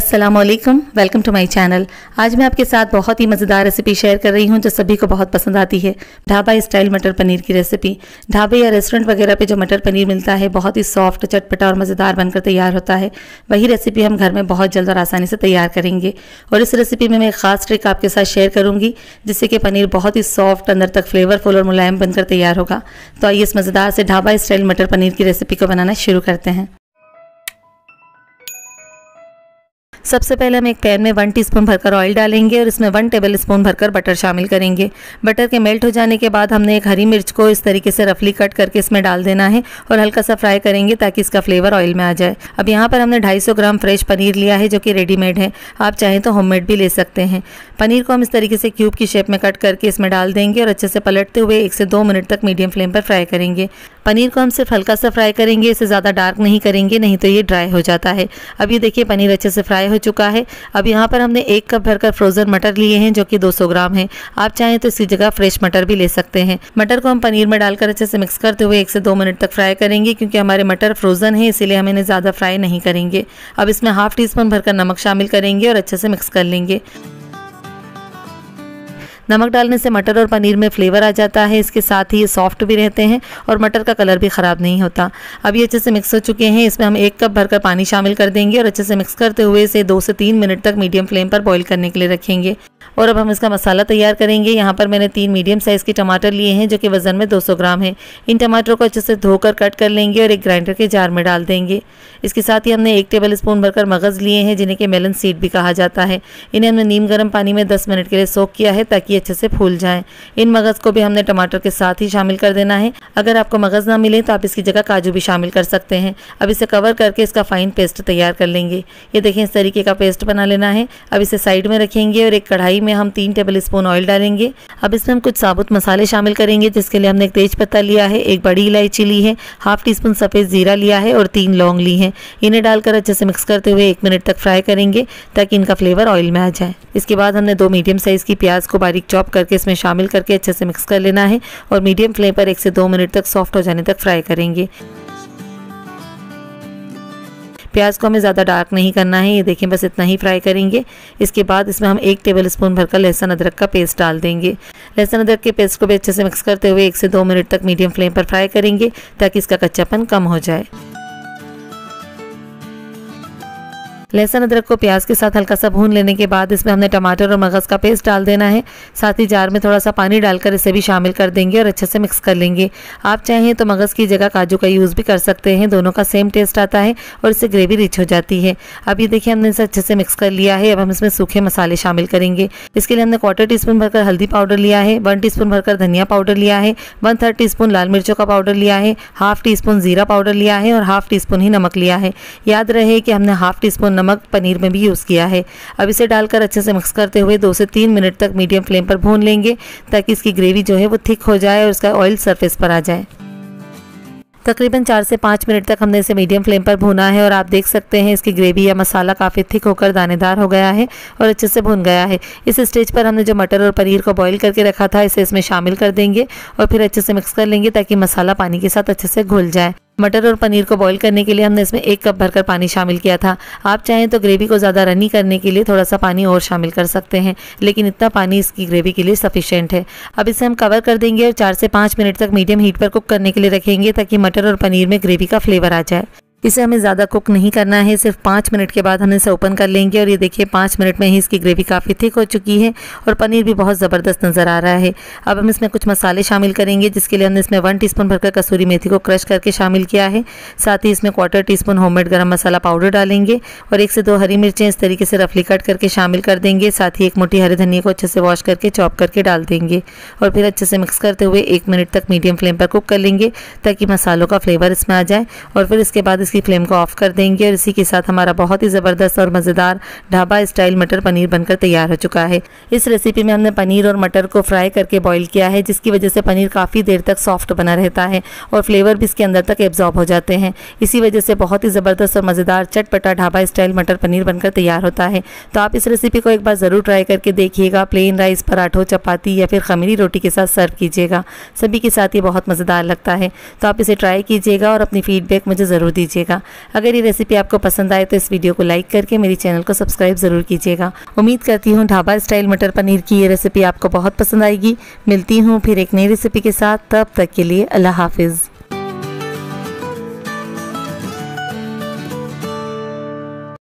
अस्सलाम वालेकुम welcome to my channel आज मैं आपके साथ बहुत ही मज़ेदार रेसिपी शेयर कर रही हूँ जो सभी को बहुत पसंद आती है ढाबा स्टाइल मटर पनीर की रेसिपी ढाबे या रेस्टोरेंट वगैरह पे जो मटर पनीर मिलता है बहुत ही सॉफ्ट चटपटा और मज़ेदार बनकर तैयार होता है वही रेसिपी हम घर में बहुत जल्द और आसानी से तैयार करेंगे और इस रेसिपी में मैं एक ख़ास ट्रिक आपके साथ शेयर करूँगी जिससे कि पनीर बहुत ही सॉफ्ट अंदर तक फ्लेवरफुल और मुलायम बनकर तैयार होगा तो आइए इस मज़ेदार से ढाबा स्टाइल मटर पनीर की रेसिपी को बनाना शुरू करते हैं सबसे पहले हम एक पैन में वन टीस्पून भरकर ऑयल डालेंगे और इसमें वन टेबल स्पून भरकर बटर शामिल करेंगे बटर के मेल्ट हो जाने के बाद हमने एक हरी मिर्च को इस तरीके से रफली कट करके इसमें डाल देना है और हल्का सा फ्राई करेंगे ताकि इसका फ्लेवर ऑयल में आ जाए अब यहाँ पर हमने ढाई ग्राम फ्रेश पनीर लिया है जो कि रेडीमेड है आप चाहें तो होम भी ले सकते हैं पनीर को हम इस तरीके से क्यूब की शेप में कट करके इसमें डाल देंगे और अच्छे से पलटते हुए एक से दो मिनट तक मीडियम फ्लेम पर फ्राई करेंगे पनीर को हम सिर्फ हल्का सा फ्राई करेंगे इसे ज़्यादा डार्क नहीं करेंगे नहीं तो ये ड्राई हो जाता है अब ये देखिए पनीर अच्छे से फ्राई हो चुका है अब यहाँ पर हमने एक कप भरकर फ्रोज़न मटर लिए हैं जो कि 200 ग्राम है आप चाहें तो इसी जगह फ्रेश मटर भी ले सकते हैं मटर को हम पनीर में डालकर अच्छे से मिक्स करते हुए एक से दो मिनट तक फ्राई करेंगे क्योंकि हमारे मटर फ्रोज़न है इसीलिए हम इन्हें ज़्यादा फ्राई नहीं करेंगे अब इसमें हाफ टी स्पून भरकर नमक शामिल करेंगे और अच्छे से मिक्स कर लेंगे नमक डालने से मटर और पनीर में फ्लेवर आ जाता है इसके साथ ही ये सॉफ्ट भी रहते हैं और मटर का कलर भी ख़राब नहीं होता अब ये अच्छे से मिक्स हो चुके हैं इसमें हम एक कप भरकर पानी शामिल कर देंगे और अच्छे से मिक्स करते हुए इसे दो से तीन मिनट तक मीडियम फ्लेम पर बॉईल करने के लिए रखेंगे और अब हम इसका मसाला तैयार करेंगे यहाँ पर मैंने तीन मीडियम साइज़ के टमाटर लिए हैं जो कि वज़न में 200 ग्राम है इन टमाटरों को अच्छे से धोकर कट कर लेंगे और एक ग्राइंडर के जार में डाल देंगे इसके साथ ही हमने एक टेबल स्पून भरकर मगज़ लिए हैं जिन्हें के मेलन सीड भी कहा जाता है इन्हें हमने नीम गर्म पानी में दस मिनट के लिए सोख किया है ताकि अच्छे से फूल जाए इन मगज़ को भी हमने टमाटर के साथ ही शामिल कर देना है अगर आपको मगज़ ना मिले तो आप इसकी जगह काजू भी शामिल कर सकते हैं अब इसे कवर करके इसका फ़ाइन पेस्ट तैयार कर लेंगे ये देखें इस तरीके का पेस्ट बना लेना है अब इसे साइड में रखेंगे और एक कढ़ाई में हम तीन टेबल स्पून ऑयल डालेंगे अब इसमें हम कुछ साबुत मसाले शामिल करेंगे जिसके लिए हमने एक तेज पत्ता लिया है एक बड़ी इलायची ली है हाफ टी स्पून सफ़ेद ज़ीरा लिया है और तीन लौंग ली है इन्हें डालकर अच्छे से मिक्स करते हुए एक मिनट तक फ्राई करेंगे ताकि इनका फ्लेवर ऑयल में आ जाए इसके बाद हमने दो मीडियम साइज़ की प्याज को बारीक बारीक चॉप करके इसमें शामिल करके अच्छे से मिक्स कर लेना है और मीडियम फ्लेम पर एक से दो मिनट तक सॉफ्ट हो जाने तक फ्राई करेंगे प्याज को हमें ज़्यादा डार्क नहीं करना है ये देखें बस इतना ही फ्राई करेंगे इसके बाद इसमें हम एक टेबल स्पून भरकर लहसुन अदरक का पेस्ट डाल देंगे लहसुन अदरक के पेस्ट को भी अच्छे से मिक्स करते हुए एक से दो मिनट तक मीडियम फ्लेम पर फ्राई करेंगे ताकि इसका कच्चापन कम हो जाए लहसुन अदरक को प्याज के साथ हल्का सा भून लेने के बाद इसमें हमने टमाटर और मगज़ का पेस्ट डाल देना है साथ ही जार में थोड़ा सा पानी डालकर इसे भी शामिल कर देंगे और अच्छे से मिक्स कर लेंगे आप चाहें तो मगज़ की जगह काजू का यूज़ भी कर सकते हैं दोनों का सेम टेस्ट आता है और इससे ग्रेवी रिच हो जाती है अब ये देखिए हमने इसे अच्छे से मिक्स कर लिया है अब हम इसमें सूखे मसाले शामिल करेंगे इसके लिए हमने क्वार्टर टी स्पून भरकर हल्दी पाउडर लिया है वन टी स्पून भरकर धनिया पाउडर लिया है वन थर्ड टी स्पून लाल मिर्चों का पाउडर लिया है हाफ टी स्पून जीरा पाउडर लिया है और हाफ टी स्पून ही नमक लिया है याद रहे कि हमने हाफ टी स्पून नमक पनीर में भी यूज़ किया है अब इसे डालकर अच्छे से मिक्स करते हुए दो से तीन मिनट तक मीडियम फ्लेम पर भून लेंगे ताकि इसकी ग्रेवी जो है वो थिक हो जाए और इसका ऑयल सरफेस पर आ जाए तकरीबन चार से पाँच मिनट तक हमने इसे मीडियम फ्लेम पर भूना है और आप देख सकते हैं इसकी ग्रेवी या मसाला काफ़ी थिक होकर दानेदार हो गया है और अच्छे से भुन गया है इस स्टेज पर हमने जो मटर और पनीर को बॉईल करके रखा था इसे इसमें शामिल कर देंगे और फिर अच्छे से मिक्स कर लेंगे ताकि मसाला पानी के साथ अच्छे से घुल जाए मटर और पनीर को बॉईल करने के लिए हमने इसमें एक कप भरकर पानी शामिल किया था आप चाहें तो ग्रेवी को ज़्यादा रनी करने के लिए थोड़ा सा पानी और शामिल कर सकते हैं लेकिन इतना पानी इसकी ग्रेवी के लिए सफिशेंट है अब इसे हम कवर कर देंगे और चार से पाँच मिनट तक मीडियम हीट पर कुक करने के लिए रखेंगे ताकि मटर और पनीर में ग्रेवी का फ्लेवर आ जाए इसे हमें ज़्यादा कुक नहीं करना है सिर्फ पाँच मिनट के बाद हम इसे ओपन कर लेंगे और ये देखिए पाँच मिनट में ही इसकी ग्रेवी काफ़ी थिक हो चुकी है और पनीर भी बहुत ज़बरदस्त नज़र आ रहा है अब हम इसमें कुछ मसाले शामिल करेंगे जिसके लिए हमने इसमें वन टी स्पून भरकर कसूरी मेथी को क्रश करके शामिल किया है साथ ही इसमें quarter teaspoon home garam masala powder डालेंगे और एक से दो हरी मिर्चें इस तरीके से रफली कट करके शामिल कर देंगे साथ ही एक मोटी हरी धनिया को अच्छे से वॉश करके चॉप करके डाल देंगे और फिर अच्छे से मिक्स करते हुए एक मिनट तक मीडियम फ्लेम पर कुक कर लेंगे ताकि मसालों का फ्लेवर इसमें आ जाए और फिर इसके बाद इस इसकी फ्लेम को ऑफ कर देंगे और इसी के साथ हमारा बहुत ही ज़बरदस्त और मज़ेदार ढाबा स्टाइल मटर पनीर बनकर तैयार हो चुका है इस रेसिपी में हमने पनीर और मटर को फ्राई करके बॉईल किया है जिसकी वजह से पनीर काफ़ी देर तक सॉफ्ट बना रहता है और फ्लेवर भी इसके अंदर तक एब्जॉर्ब हो जाते हैं इसी वजह से बहुत ही ज़बरदस्त और मज़ेदार चटपटा ढाबा स्टाइल मटर पनीर बनकर तैयार होता है तो आप इस रेसिपी को एक बार ज़रूर ट्राई करके देखिएगा प्लेन राइस पराठों चपाती या फिर खमीरी रोटी के साथ सर्व कीजिएगा सभी के साथ ये बहुत मज़ेदार लगता है तो आप इसे ट्राई कीजिएगा और अपनी फीडबैक मुझे ज़रूर दीजिएगा कीजिएगा अगर ये रेसिपी आपको पसंद आए तो इस वीडियो को लाइक करके मेरे चैनल को सब्सक्राइब ज़रूर कीजिएगा उम्मीद करती हूँ ढाबा स्टाइल मटर पनीर की ये रेसिपी आपको बहुत पसंद आएगी मिलती हूँ फिर एक नई रेसिपी के साथ तब तक के लिए अल्लाह हाफिज़